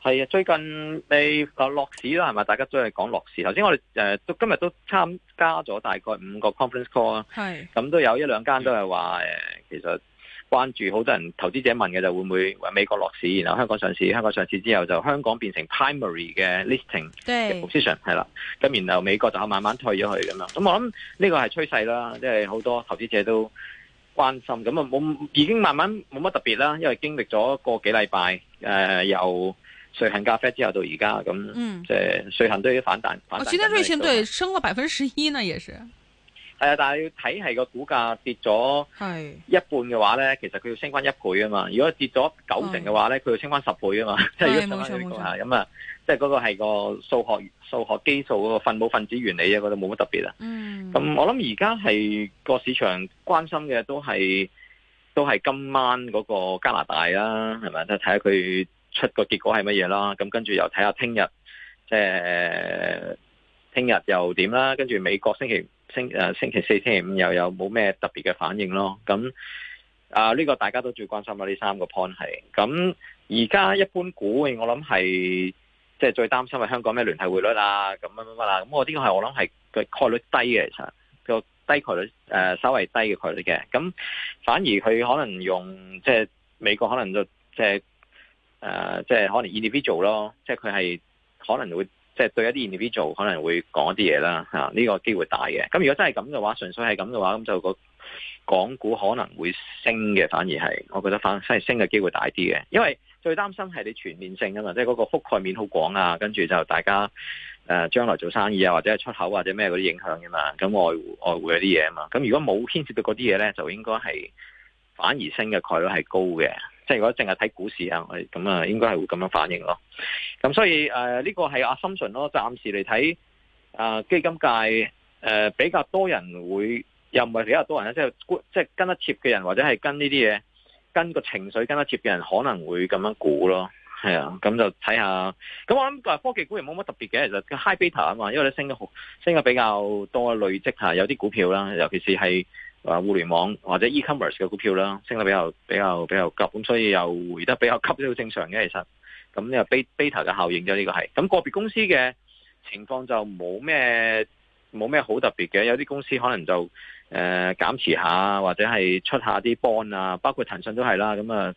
係啊，最近你啊落市啦，係咪？大家都係講落市。頭先我哋誒、呃，今日都參加咗大概五個 conference call 啊是。係。咁都有一兩間都係話誒，嗯、其實關注好多人投資者問嘅就，會唔會美國落市，然後香港上市？香港上市之後就香港變成 primary 嘅 listing 嘅 position 係啦對。咁然後美國就慢慢退咗去咁樣。咁我諗呢個係趨勢啦，即係好多投資者都關心。咁啊，已經慢慢冇乜特別啦，因為經歷咗個幾禮拜誒，又、呃。瑞幸咖啡之後到而家咁，即係瑞幸都已經反彈。我記得瑞幸對、就是、升過百分之十一呢，也是係啊，但係要睇係個股價跌咗一半嘅話咧，是其實佢要升翻一倍啊嘛。如果跌咗九成嘅話咧，佢是要升翻十倍啊嘛。即係冇錯冇錯。咁啊，即係嗰個係個數學數學基數嗰個分母分子原理啊，我覺得冇乜特別啊。嗯。咁、 嗯嗯、我諗而家係個市場關心嘅都係都係今晚嗰個加拿大啦、啊，係咪？睇下佢。出個結果係乜嘢啦？咁跟住又睇下聽日，即係聽日又點啦？跟住美國星期星誒、呃、星期四、星期五又有冇咩特別嘅反應咯？咁啊，呢、呃呢個大家都最關心啦。呢三個 point 係咁，而家一般估我諗係即係最擔心係香港咩聯繫匯率啦，咁乜乜乜啦。咁我呢個係我諗係個概率低嘅，其實個低概率誒、呃，稍微低嘅概率嘅。咁反而佢可能用即係、即係、美國可能就即係。即係誒、呃，即係可能 individual 咯，即係佢係可能會即係對一啲 individual 可能會講一啲嘢啦嚇，呢個機會大嘅。咁如果真係咁嘅話，純粹係咁嘅話，咁就個港股可能會升嘅，反而係我覺得反而係升嘅機會大啲嘅。因為最擔心係你全面性啊嘛，即係嗰個覆蓋面好廣啊，跟住就大家誒、呃、將來做生意啊，或者係出口或者咩嗰啲影響嘅嘛，咁外外匯嗰啲嘢啊嘛。咁如果冇牽涉到嗰啲嘢咧，就應該係反而升嘅概率係高嘅。即係如果淨係睇股市啊，咁啊應該係會咁樣反應咯。咁所以誒呢、呃這個係阿 assumption 咯，暫時嚟睇啊，基金界誒、呃、比較多人會，又唔係比較多人咧，即係即係跟得貼嘅人，或者係跟呢啲嘢跟個情緒跟得貼嘅人，可能會咁樣估咯。係啊，咁、嗯嗯、就睇下。咁我諗個科技股又冇乜特別嘅，其、就、實、是、high beta 啊嘛，因為你升得升得比較多累積下，有啲股票啦，尤其是係。啊，互聯網或者 e-commerce 嘅股票啦，升得比較比較比較急，咁所以又回得比較急都好正常嘅，其實，咁呢個 Beta 嘅效應就呢個係，咁個別公司嘅情況就冇咩冇咩好特別嘅，有啲公司可能就誒減持下或者係出下啲 bond 啊，包括騰訊都係啦，咁啊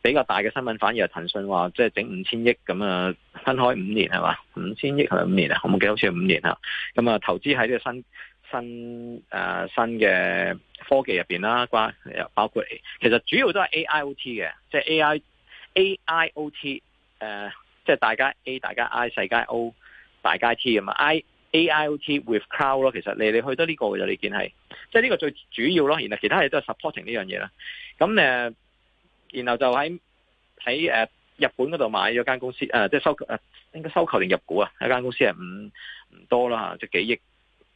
比較大嘅新聞反而係騰訊話即係整五千億咁啊，分開五年係嘛？五千億係五年啊，我冇記得好似係五年啊，咁啊投資喺呢個新。新誒、呃、新嘅科技入邊啦，關包括其實主要都係 A I O T 嘅，即係 A I A I O T 誒、呃，即係大家 A 大家 I 世界 O 大家 T 咁啊！I A I O T with Cloud 咯，其實你你去得呢個就你見係，即係呢個最主要咯。然後其他嘢都係 supporting 呢樣嘢啦。咁誒、呃，然後就喺喺誒日本嗰度買咗間公司誒，即係收誒應該收購定入股啊？有一間公司係五唔多啦，即係幾億。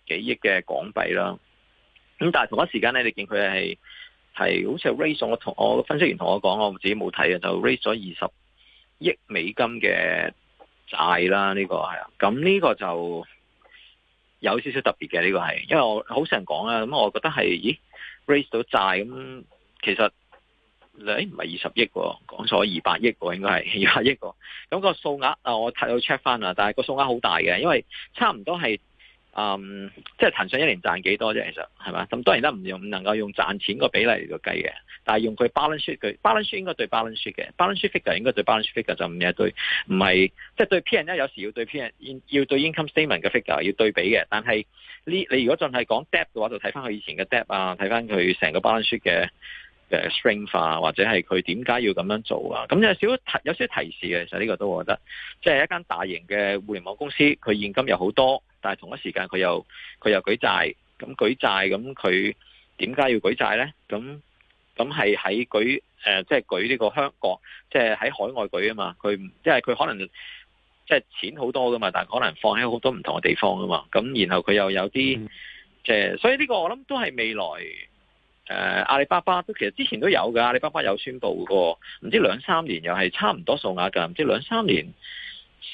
幾億嘅港幣啦，咁但係同一時間咧，你見佢係係好似 raise 咗，同我分析員同我講，我自己冇睇啊，就 raise 咗二十億美金嘅債啦。呢個係啊，咁呢個就有少少特別嘅呢個係，因為我好常講啊，咁我覺得係咦 raise 到債咁，其實誒唔係二十億喎，講錯二百億喎，應該係二百億喎。咁個數額啊，我睇到 check 翻啦，但係個數額好大嘅，因為差唔多係。嗯，um, 即係騰訊一年賺幾多啫？其實係嘛？咁當然啦，唔用唔能夠用賺錢個比例嚟到計嘅。但係用佢 balance sheet 佢 balance sheet 應該對 balance sheet 嘅 balance sheet figure 應該對 balance sheet figure 就唔係對唔係即係對 P and 有時要對 P and 要對 income statement 嘅 figure 要對比嘅。但係呢你如果盡係講 debt 嘅話，就睇翻佢以前嘅 debt 啊，睇翻佢成個 balance sheet 嘅 strength 啊，或者係佢點解要咁樣做啊？咁有少少提有少提示嘅，其實呢個都我覺得，即係一間大型嘅互聯網公司，佢現金有好多。但係同一時間佢，佢又佢又舉債，咁舉債，咁佢點解要舉債呢？咁咁係喺舉誒，即、呃、係、即係、舉呢個香港，即係喺海外舉啊嘛。佢因為佢可能即係、即係、錢好多噶嘛，但係可能放喺好多唔同嘅地方噶嘛。咁然後佢又有啲即係，所以呢個我諗都係未來誒、呃、阿里巴巴都其實之前都有㗎，阿里巴巴有宣布過，唔知兩三年又係差唔多數額㗎，唔知兩三年。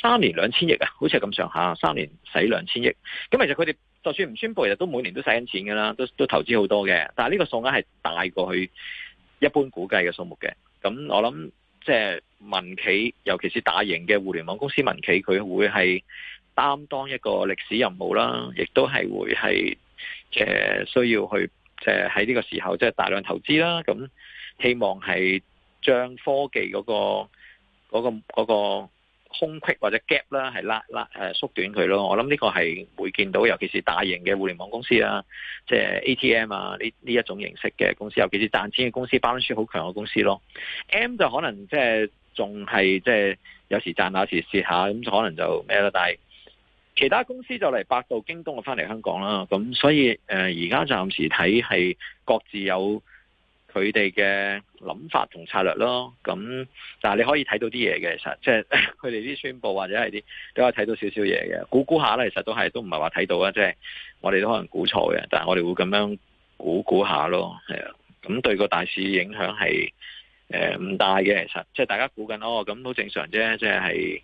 三年兩千億啊，好似係咁上下，三年使兩千億。咁其實佢哋就算唔宣佈，其實他們他們都每年都使緊錢嘅啦，都都投資好多嘅。但係呢個數額係大過去一般估計嘅數目嘅。咁我諗即係民企，尤其是大型嘅互聯網公司，民企佢會係擔當一個歷史任務啦，亦都係會係嘅、呃、需要去即係喺呢個時候即係、就是、大量投資啦。咁希望係將科技嗰個嗰個嗰個。那個那個空隙或者 gap 啦，係拉拉誒縮短佢咯。我諗呢個係會見到，尤其是大型嘅互聯網公司啊，即係 ATM 啊呢呢一,一種形式嘅公司，尤其是賺錢嘅公司，balance sheet 好強嘅公司咯。M 就可能即係仲係即係有時賺，有時蝕下，咁就可能就咩咯。但係其他公司就嚟百度、京東啊翻嚟香港啦。咁所以誒而家暫時睇係各自有。佢哋嘅諗法同策略咯，咁但係你可以睇到啲嘢嘅，其實即係佢哋啲宣布，或者係啲都有睇到少少嘢嘅，估估下咧，其實都係都唔係話睇到啊，即係我哋都可能估錯嘅，但係我哋會咁樣估估下咯，係啊，咁對個大市影響係誒唔大嘅，其實即係大家估緊咯，咁好正常啫，即係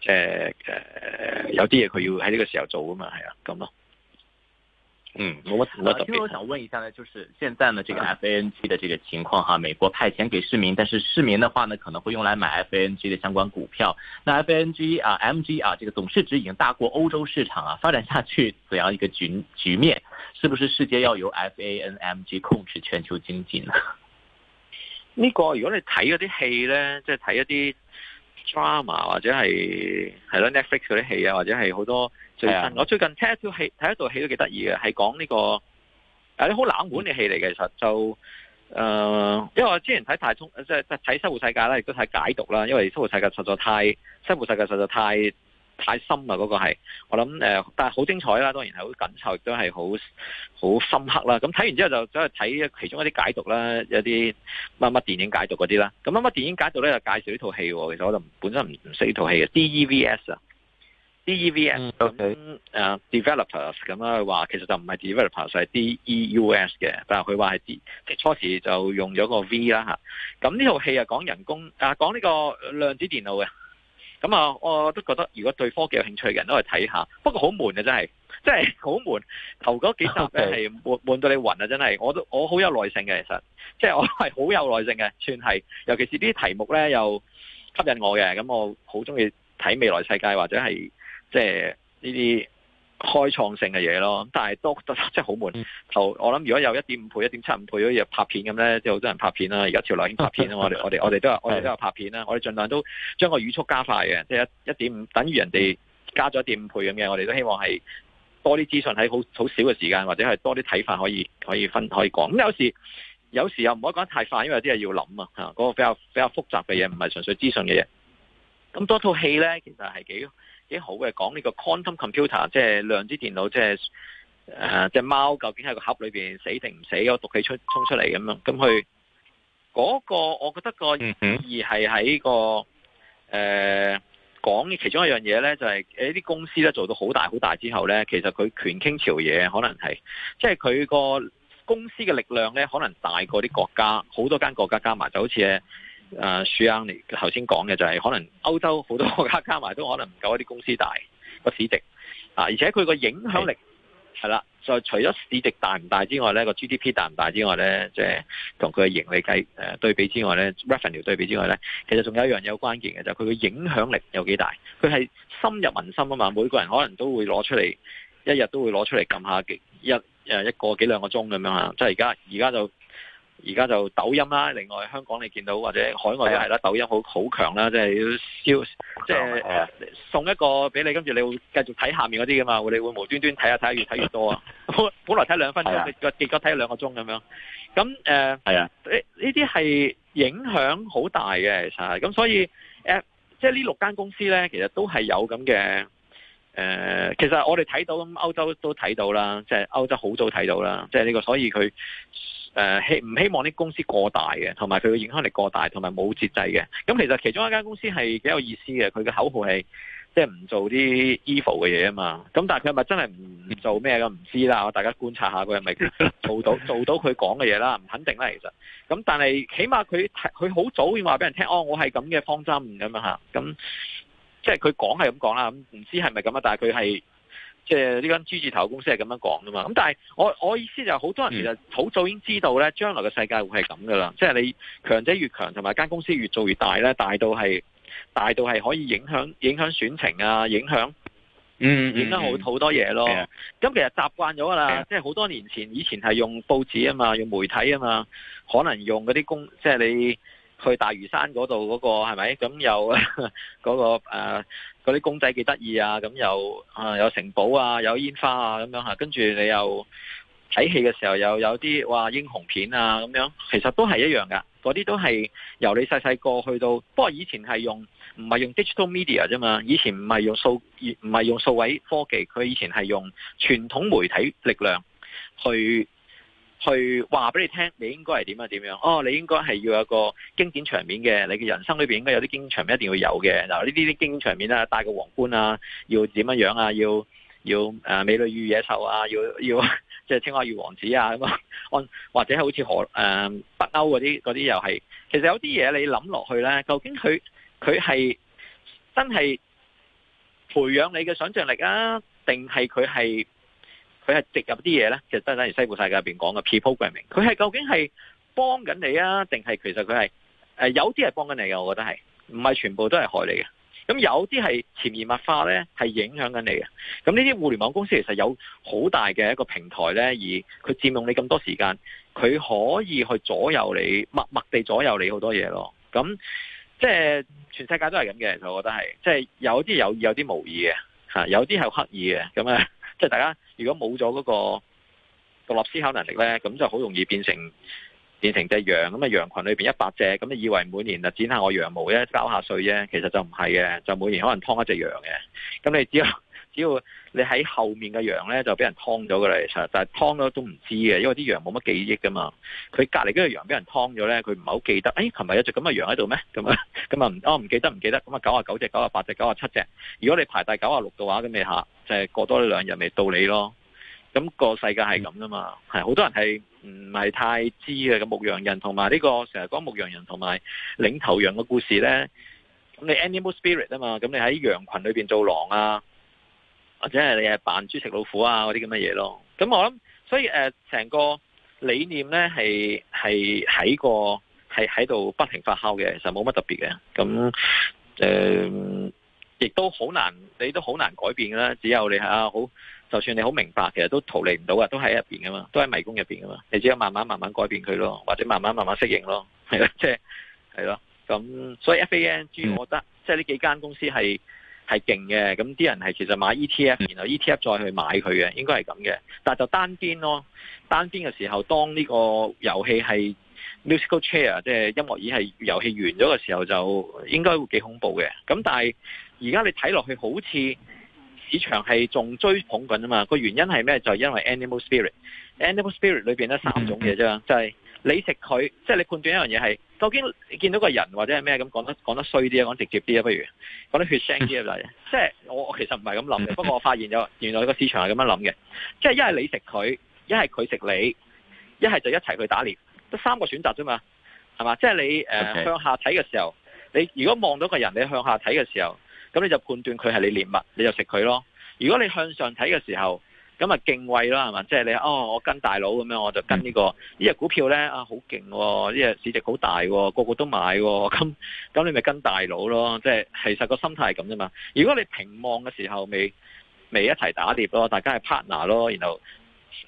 即係、呃、有啲嘢佢要喺呢個時候做㗎嘛，係啊，咁咯。嗯，其實我,我想問一下呢，就是現在呢這個 F A N G 的這個情況哈、啊，美國派錢給市民，但是市民的話呢可能會用來買 F A N G 的相關股票。那 F A N G 啊 M G 啊, MG 啊這個總市值已經大過歐洲市場啊，發展下去怎樣一個局局面？是不是世界要由 F A N M G 控制全球經濟呢？呢、這個如果你睇嗰啲戲呢，即係睇一啲。drama 或者係係咯 Netflix 嗰啲戲啊，或者係好多最新的我最近睇一套戲，睇一套戲都幾得意嘅，係講呢個有啲好冷門嘅戲嚟嘅。其實就誒，呃嗯，因為我之前睇《大通》，即係睇《生活世界》啦，亦都睇解讀啦。因為《生活世界》實在太《生活世界》實在太太深啊！嗰、那個係，我諗誒、呃，但係好精彩啦。當然係好緊湊，亦都係好好深刻啦。咁睇完之後就走去睇其中一啲解讀啦，有啲乜乜電影解讀嗰啲啦。咁乜乜電影解讀咧就介紹呢套戲。其實我就本身唔唔識呢套戲嘅。D E V S 啊，D E V S，咁誒，developers 咁咧話，其實就唔係 developers，係 D E U S 嘅。但係佢話係即係初時就用咗個 V 啦吓。咁呢套戲啊講人工啊講呢個量子電腦嘅。咁啊，我都覺得如果對科技有興趣嘅人都係睇下。不過好悶啊，真係，真係好悶。頭嗰幾集咧係悶悶到你暈啊，真係。我都我好有耐性嘅，其實，即係我係好有耐性嘅，算係。尤其是啲題目呢，又吸引我嘅，咁我好中意睇未來世界或者係即係呢啲。開創性嘅嘢咯，但係都即係好悶。頭、嗯、我諗，如果有一點五倍、一點七五倍咁嘢拍片咁咧，即係好多人拍片啦。而家條流線拍片啊，我哋我哋我哋都有、嗯、我哋都有拍片啦。我哋盡量都將個語速加快嘅，即係一一點五等於人哋加咗一點五倍咁嘅。我哋都希望係多啲資訊喺好好少嘅時間，或者係多啲睇法可以可以分可以講。咁有時有時又唔可以講得太快，因為有啲嘢要諗啊。吓，嗰個比較比較複雜嘅嘢唔係純粹資訊嘅嘢。咁多套戲咧，其實係幾。幾好嘅講呢個 quantum computer，即係量子電腦，即係誒隻貓究竟喺個盒裏邊死定唔死？嗰個毒氣出衝出嚟咁樣，咁佢嗰個我覺得個意義係喺、這個誒講、呃、其中一樣嘢咧，就係誒啲公司咧做到好大好大之後咧，其實佢權傾朝野，可能係即係佢個公司嘅力量咧，可能大過啲國家好多間國家加埋，就好似誒。誒樹硬嚟頭先講嘅就係可能歐洲好多國家加埋都可能唔夠一啲公司大個市值，啊！而且佢個影響力係啦是，就除咗市值大唔大之外咧，個 GDP 大唔大之外咧，即係同佢嘅盈利計誒對比之外咧，revenue 對比之外咧，其實仲有一樣有關鍵嘅就係佢嘅影響力有幾大，佢係深入民心啊嘛！每個人可能都會攞出嚟，一日都會攞出嚟撳下一個一個幾兩個鐘咁樣啊！即係而家而家就。而家就抖音啦，另外香港你見到或者海外又係啦，的抖音好好強啦，即係要消，即係誒、送一個俾你，跟住你會繼續睇下面嗰啲噶嘛，會你會無端端睇下睇下，越睇越多啊！本 來睇兩分鐘，結果睇咗兩個鐘咁樣。咁呢啲係影響好大嘅，其實係咁，所以誒，即係呢六間公司咧，其實都係有咁嘅誒。其實我哋睇到，歐洲都睇到啦，即係歐洲好早睇到啦，即係呢個，所以佢。誒，希唔、uh, 希望啲公司過大嘅，同埋佢嘅影響力過大，同埋冇節制嘅。咁其實其中一間公司係幾有意思嘅，佢嘅口號係即係唔做啲 evil 嘅嘢啊嘛。咁但係佢係咪真係唔做咩嘅？唔知啦，我大家觀察下佢係咪做到做到佢講嘅嘢啦，唔肯定啦，其實。咁但係起碼佢佢好早要話俾人聽，哦、啊，我係咁嘅方針咁樣吓。咁即係佢講係咁講啦，唔知係咪咁啊？是是但係佢係。即係呢間豬字頭公司係咁樣講噶嘛，咁但係我我意思就係好多人其實好早已經知道咧，將來嘅世界會係咁噶啦，即係你強者越強，同埋間公司越做越大咧，大到係大到係可以影響影響選情啊，影響嗯影響好好多嘢咯。咁的其實習慣咗啦，的即係好多年前以前係用報紙啊嘛，用媒體啊嘛，可能用嗰啲公即係你。去大嶼山嗰度嗰個係咪咁有嗰個誒嗰啲公仔幾得意啊，咁又啊有城堡啊有煙花啊咁樣吓，跟住你又睇戲嘅時候又有啲話英雄片啊咁樣，其實都係一樣噶，嗰啲都係由你細細個去到，不過以前係用唔係用 digital media 啫嘛，以前唔係用數唔係用數位科技，佢以前係用傳統媒體力量去。去話俾你聽，你應該係點啊？點樣？哦，你應該係要有一個經典場面嘅，你嘅人生裏邊應該有啲經典場面一定要有嘅。嗱，呢啲啲經典場面咧，戴個皇冠啊，要點乜樣啊？要要誒，美女與野獸啊，要要即係青蛙與王子啊咁啊，或或者係好似荷誒北歐嗰啲嗰啲又係。其實有啲嘢你諗落去咧，究竟佢佢係真係培養你嘅想像力啊，定係佢係？佢係植入啲嘢呢，其實真係等如西部世界入邊講嘅 pre-programming。佢係究竟係幫緊你啊，定係其實佢係、呃、有啲係幫緊你嘅，我覺得係唔係全部都係害你嘅。咁有啲係潛移默化呢，係影響緊你嘅。咁呢啲互聯網公司其實有好大嘅一個平台呢，而佢佔用你咁多時間，佢可以去左右你，默默地左右你好多嘢咯。咁即係全世界都係咁嘅，其實我覺得係即係有啲有意，有啲無意嘅吓、啊，有啲係刻意嘅咁啊。即係大家如果冇咗嗰個獨立思考能力咧，咁就好容易變成變成隻羊咁啊！羊群裏邊一百隻咁，你以為每年就剪下我羊毛啫，交下稅啫，其實就唔係嘅，就每年可能劏一隻羊嘅。咁你只有。只要你喺後面嘅羊咧，就俾人劏咗噶啦，其實，但係劏咗都唔知嘅，因為啲羊冇乜記憶噶嘛。佢隔離嗰隻羊俾人劏咗咧，佢唔係好記得。哎，琴日有隻咁嘅羊喺度咩？咁啊，咁啊唔哦唔記得唔記得？咁啊九啊九隻、九啊八隻、九啊七隻。如果你排第九啊六嘅話，咁你下就係過多兩日咪到你咯。咁個世界係咁噶嘛？係好多人係唔係太知嘅，咁牧羊人同埋呢個成日講牧羊人同埋領頭羊嘅故事咧。咁你 Animal Spirit 啊嘛？咁你喺羊群裏邊做狼啊？或者係你係扮豬食老虎啊嗰啲咁嘅嘢咯，咁我諗，所以誒成、呃、個理念咧係係喺個係喺度不停發酵嘅，就冇乜特別嘅。咁誒亦都好難，你都好難改變啦。只有你係啊，好就算你好明白，其實都逃離唔到嘅，都喺入面噶嘛，都喺迷宮入面噶嘛。你只有慢慢慢慢改變佢咯，或者慢慢慢慢適應咯，係啦，即係係咯。咁所以 FANG，我覺得即係呢幾間公司係。係勁嘅，咁啲人係其實買 ETF，然後 ETF 再去買佢嘅，應該係咁嘅。但就單邊咯，單邊嘅時候，當呢個遊戲係 musical chair，即係音樂椅係遊戲完咗嘅時候，就應該會幾恐怖嘅。咁但係而家你睇落去好似市場係仲追捧緊啊嘛，個原因係咩？就係、因為 animal spirit, animal spirit，animal spirit 裏面得三種嘢啫，就係、係。你食佢。即係你判斷一樣嘢係，究竟你見到個人或者係咩咁講得講得衰啲啊，講，講直接啲啊，不如講得血腥啲入嚟。 即係我我其實唔係咁諗嘅，不過我發現咗原來個市場係咁樣諗嘅。即係一係你食佢，一係佢食你，一係就一齊去打獵，得三個選擇啫嘛，係嘛？即係你 Okay.、呃、向下睇嘅時候，你如果望到個人，你向下睇嘅時候，咁你就判斷佢係你獵物，你就食佢咯。如果你向上睇嘅時候，咁啊敬畏啦，係嘛，即係你哦，我跟大佬咁樣，我就跟呢、這個呢隻、這個、股票呢，啊，好勁、哦，呢、這、隻、個、市值好大、哦，個個都買、哦，咁咁你咪跟大佬咯。即、就、係、是、其實個心態係咁啫嘛。如果你平望嘅時候，未未一齊打碟咯，大家係 partner 咯，然後、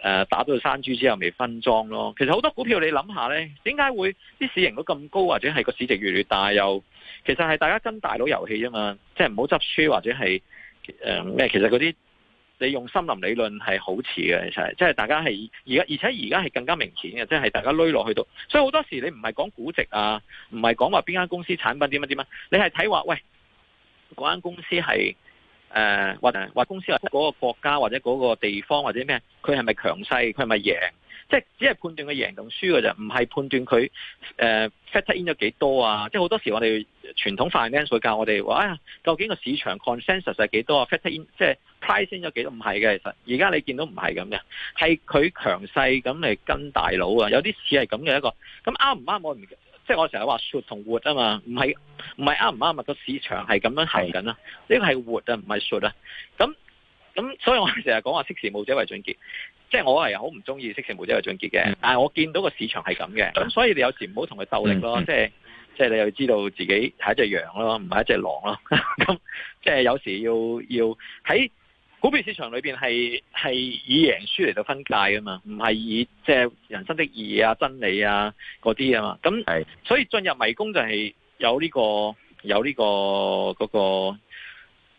呃、打到山豬之後，未分裝咯。其實好多股票你諗下呢，點解會啲市盈率咁高，或者係個市值越嚟越大？又其實係大家跟大佬遊戲啫嘛。即係唔好執輸，或者係誒咩？其實嗰啲。你用森林理論係好似嘅，其實即係大家係而家，而且而家係更加明顯嘅，即係大家攆落去到。所以好多時你唔係講估值啊，唔係講話邊間公司產品點樣點樣，你係睇話喂嗰間公司係誒、呃、或話公司或嗰個國家或者嗰個地方或者咩，佢係咪強勢，佢係咪贏？即、就、係、是、只係判斷佢贏同輸嘅啫，唔係判斷佢誒、呃、factor in 咗幾多啊？即係好多時我哋傳統 finance 會教我哋話啊，究竟個市場 consensus 係幾多啊 factor in 即係。派升咗幾多唔係嘅，其實而家你見到唔係咁嘅，係佢強勢咁嚟跟大佬啊，有啲似係咁嘅一個。咁啱唔啱我唔即係我成日話 should 同 would 啊嘛，唔係唔係啱唔啱啊，個市場係咁樣行緊啊，呢個係 would 啊，唔係 should 啊。咁咁所以我成日講話識時務者為俊傑，即係我係好唔中意識時務者為俊傑嘅，嗯、但係我見到個市場係咁嘅，咁所以你有時唔好同佢鬥力咯、嗯，即係即係你又知道自己係一隻羊咯，唔係一隻狼咯，咁 即係有時要要喺。股票市場裏邊係係以贏輸嚟到分界㗎嘛，唔係以即係、就是、人生的意義啊、真理啊嗰啲啊嘛。咁，是所以進入迷宮就係有呢、這個有呢、這個嗰、那個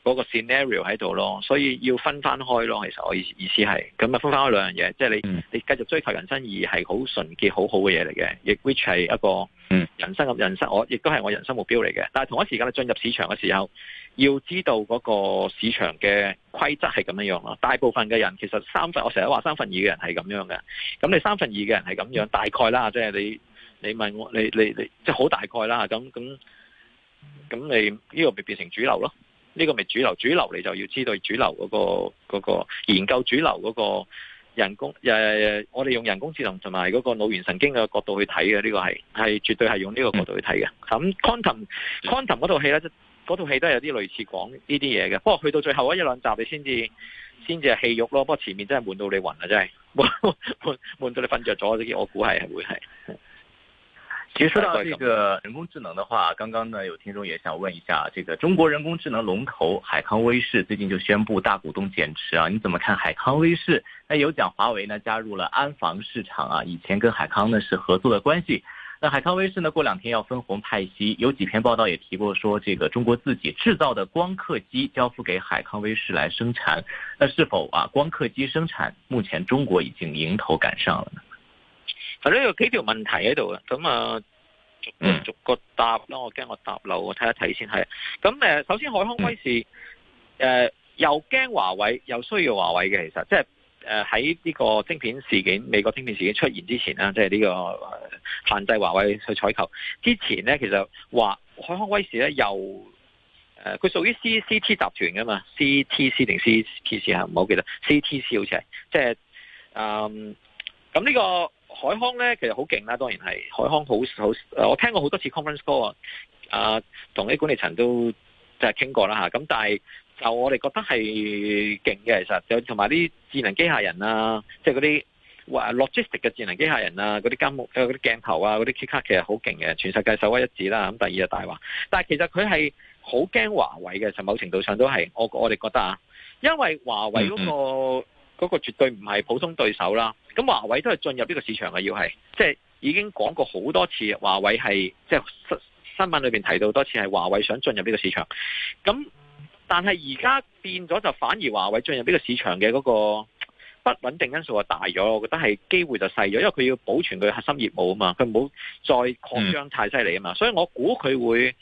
那個 scenario 喺度咯。所以要分翻開咯，其實我意意思係咁啊，嗯、分翻開兩樣嘢，即、就、係、是、你你繼續追求人生意義係好純潔、好好嘅嘢嚟嘅，亦 which 係一個人生嘅、嗯、人生，我亦都係我人生目標嚟嘅。但係同一時間你進入市場嘅時候，要知道嗰個市場嘅規則係咁樣樣咯，大部分嘅人其實三分，我成日都話三分二嘅人係咁樣嘅。咁你三分二嘅人係咁樣，大概啦即係你你問我，你你你即係好大概啦咁咁咁你呢、這個咪變成主流咯？呢、這個咪主流，主流你就要知道主流嗰、那個嗰、那個、研究主流嗰個人工、呃、我哋用人工智能同埋嗰個腦元神經嘅角度去睇嘅，呢、這個係係絕對係用呢個角度去睇嘅。咁 Quantum Quantum 嗰套戲咧其實說，說到這個人工智能的話，剛剛呢有聽眾也想問一下這個中國人工智能龍頭海康威視最近就宣布大股東減持啊，你怎麼看海康威視？那有講華為呢加入了安防市場啊，以前跟海康呢是合作的關係那海康威視呢？過兩天要分紅派息，有幾篇報道也提過，說這個中國自己製造的光刻機交付給海康威視來生產，那是否啊光刻機生產目前中國已經迎頭趕上了呢？反正有幾條問題喺度嘅，咁啊、嗯，逐個答啦，我驚我答漏，我睇一睇先係。咁誒，首先海康威視，誒又驚華為又需要華為嘅，其實即係。誒喺呢個晶片事件、美國晶片事件出現之前啦，即係呢、呢個、呃、限制華為去採購之前呢，其實話海康威視呢又，佢、呃、屬於 CCT 集團噶嘛，CTC 定 CTC 啊唔好記得，CTC 好似係即係誒咁呢個海康呢，其實好勁啦，當然係海康好好，我聽過好多次 conference call 啊，同、呃、啲管理層都即係傾過啦、啊、嚇，咁但係。就我哋覺得係勁嘅，其實就同埋啲智能機械人啊，即係嗰啲話 logistic 嘅智能機械人啊，嗰啲監嗰啲鏡頭啊，嗰啲 camera 其實好勁嘅，全世界首屈一指啦。咁第二就大華但係其實佢係好驚華為嘅，某程度上都係我我哋覺得啊，因為華為嗰、嗰個嗰、嗯嗯、個絕對唔係普通對手啦。咁華為都係進入呢個市場嘅，要係即係已經講過好多次，華為係即係新聞裏面提到多次，係華為想進入呢個市場。咁但係而家變咗，就反而華為進入呢個市場嘅嗰個不穩定因素啊，大咗。我覺得係機會就細咗，因為佢要保存佢核心業務啊嘛，佢唔好再擴張太犀利啊嘛。所以我估佢會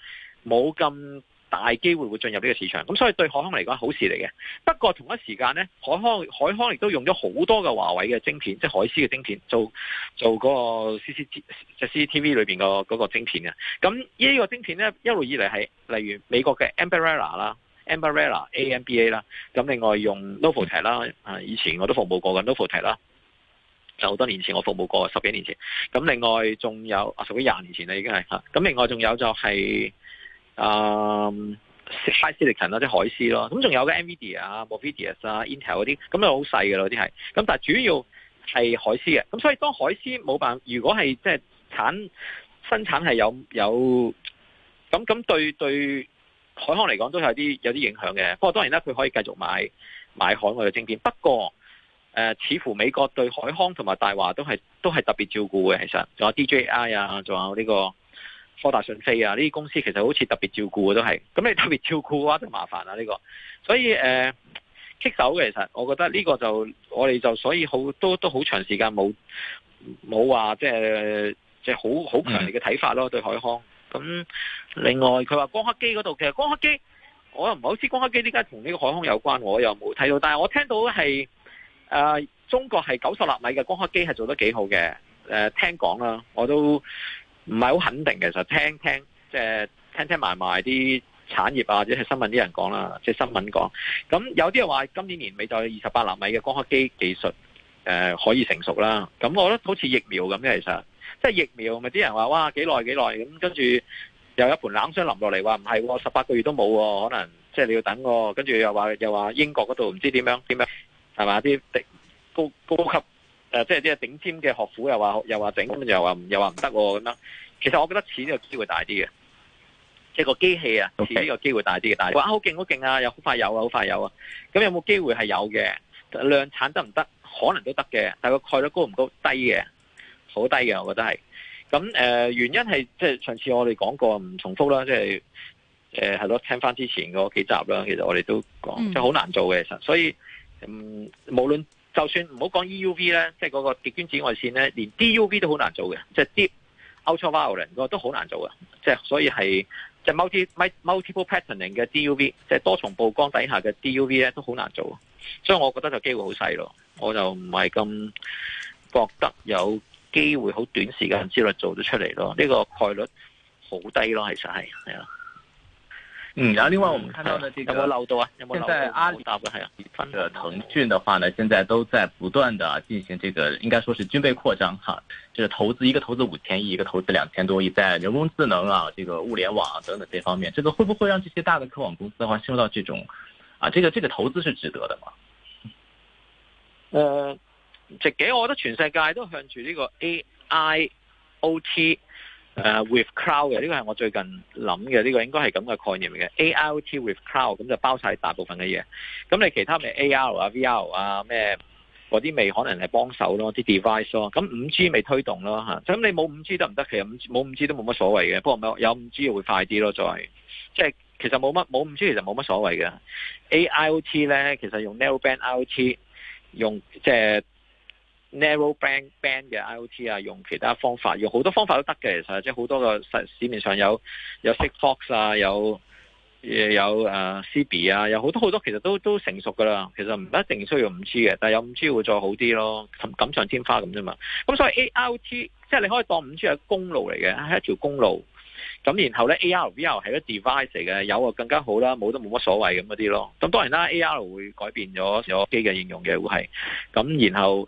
冇咁大機會會進入呢個市場。咁所以對海康嚟講係好事嚟嘅。不過同一時間呢，海康海康亦都用咗好多嘅華為嘅晶片，即係海思嘅晶片做做嗰個 CCTV 裏邊個嗰個晶片嘅。咁呢個晶片呢，一路以嚟係例如美國嘅 Ambarella 啦。Ambarella, AMBA 啦，咁另外用 Novatek 啦，啊，以前我都服務過嘅 Novatek 啦，就好多年前我服務過，十幾年前，咁另外仲有啊，十幾廿年前啦已經係，咁另外仲有就係啊 HiSilicon 啊，即係海思咯，咁仲有嘅 Nvidia 啊、Movidius 啊、Intel 嗰啲，咁就好細嘅咯啲係，咁但主要係海思嘅，咁所以當海思冇辦，如果係即係產生產係有有，咁咁對對。海康嚟講都是有啲有啲影響嘅，不過當然啦，佢可以繼續買買海外嘅證券，不過誒、呃，似乎美國對海康同埋大華都係都係特別照顧嘅，其實仲有 DJI 啊，仲有呢個科大訊飛啊，呢啲公司其實好似特別照顧嘅都係，咁你特別照顧嘅話就麻煩啦呢，這個，所以誒棘、呃、手嘅其實，我覺得呢個就我哋就所以好多都好長時間冇冇話即係即係好好強烈嘅睇法咯，對海康。咁另外佢話光刻機嗰度其實光刻機，我又唔係好似光刻機點解同呢個海空有關，我又冇睇到？但係我聽到係、呃、中國係九十納米嘅光刻機係做得幾好嘅、呃、聽講啦，我都唔係好肯定其實聽聽即係聽聽埋埋啲產業啊，或者係新聞啲人講啦，即係新聞講。咁有啲人話今年年尾就有二十八納米嘅光刻機技術、呃、可以成熟啦。咁我覺得好似疫苗咁嘅其實。即係疫苗，咪啲人話哇幾耐幾耐咁，跟住又有一盆冷水淋落嚟，話唔係喎，十八個月都冇喎，可能即係你要等喎。跟住又話又話英國嗰度唔知點樣點樣，係咪？啲高高級誒，即係啲頂尖嘅學府又，又話又話整，又話又話唔得咁樣。其實我覺得似呢個機會大啲嘅，即係個機器啊似呢個機會大啲嘅。但話好勁好勁啊，又好快有啊，好快有啊。咁有冇機會係有嘅量產得唔得？可能都得嘅，但係個概率高唔高？低嘅。好低嘅，我覺得係咁誒，原因係即係上次我哋講過，唔重複啦，即係誒係咯，聽翻之前嗰幾集啦。其實我哋都講，即係好難做嘅，其實所以，嗯，無論就算唔好講 EUV 咧，即係嗰個極端紫外線咧，連 DUV 都好難做嘅，即係 Deep Ultraviolet 嗰個都好難做嘅，即係所以係即係 multi multiple patterning 嘅 DUV，即係多重曝光底下嘅 DUV 咧都好難做，所以我覺得就機會好細咯，我就唔係咁覺得有。機會好短時間之內做咗出來咯，呢、這個概率好低咯，其實係係啊。嗯，有另外我們看到呢啲嘅。有冇漏、啊、有沒有漏現在阿里，嗯、這個騰訊的話呢，現在都在不斷的進行這個，應該說是軍備擴張哈，就是投資一個投資五千億，一個投資兩千多億，在人工智能啊，這個物聯網等等這方面，這個會不會讓這些大的科網公司的話受到這種啊？這個這個投資是值得的嗎？嗯。呃直己，我覺得全世界都向住呢個 A I O T 誒 with cloud 嘅，呢個係我最近諗嘅，呢個應該係咁嘅概念嚟嘅。A I O T with cloud 咁就包晒大部分嘅嘢。咁你其他咪 A R 啊、V R 啊咩嗰啲未可能係幫手咯，啲 device 咯。咁五 G 未推動咯嚇，咁你冇五 G 得唔得？其實五冇五 G 都冇乜所謂嘅。不過有有五 G 會快啲咯，再為即係其實冇乜冇五 G 其實冇乜所謂嘅。A I O T 咧其實用 narrowband I O T 用即係 Narrow band band 嘅 IOT 啊，用其他方法，用好多方法都得嘅，其實即係好多個市面上有有 Sigfox 啊，有有誒、uh, C B 啊，有好多好多其，其實都都成熟㗎喇。其實唔一定需要五 G 嘅，但係有五 G 會再好啲咯，錦上添花咁啫嘛。咁所以 AIoT 即係你可以當五 G 係公路嚟嘅，係一條公路。咁然後咧 A R V R 係個 device 嚟嘅，有就更加好啦，冇都冇乜所謂咁嗰啲咯。咁當然啦，A R 會改變咗手機嘅應用嘅會係咁，咁然後。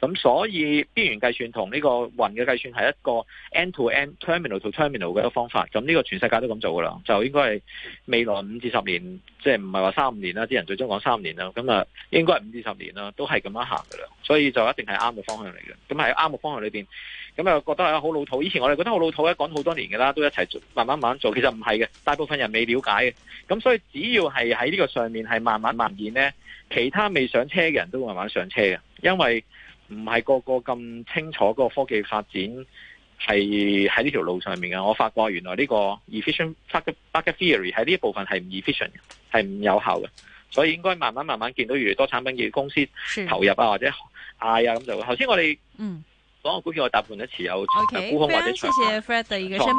咁所以邊緣計算同呢個雲嘅計算係一個 end to end terminal to terminal 嘅一個方法。咁呢個全世界都咁做噶啦，就應該係未來五至十年，即係唔係話三五年啦？啲人最終講三五年啦，咁啊應該係五至十年啦，都係咁樣行噶啦。所以就一定係啱嘅方向嚟嘅。咁喺啱嘅方向裏面，咁啊覺得係好老土。以前我哋覺得好老土咧，講好多年㗎啦，都一齊做慢慢慢慢做。其實唔係嘅，大部分人未了解嘅。咁所以只要係喺呢個上面係慢慢蔓延呢，其他未上車嘅人都會慢慢上車嘅，因為。唔係個個咁清楚，個科技發展係喺呢條路上面嘅。我發覺原來呢個 efficient bucket theory 喺呢一部分係唔 efficient，係唔有效嘅。所以應該慢慢慢慢見到越嚟越多產品嘅公司投入啊是或者嗌啊咁就。頭先我哋嗯講個股票我答案一持有長沽空或者長。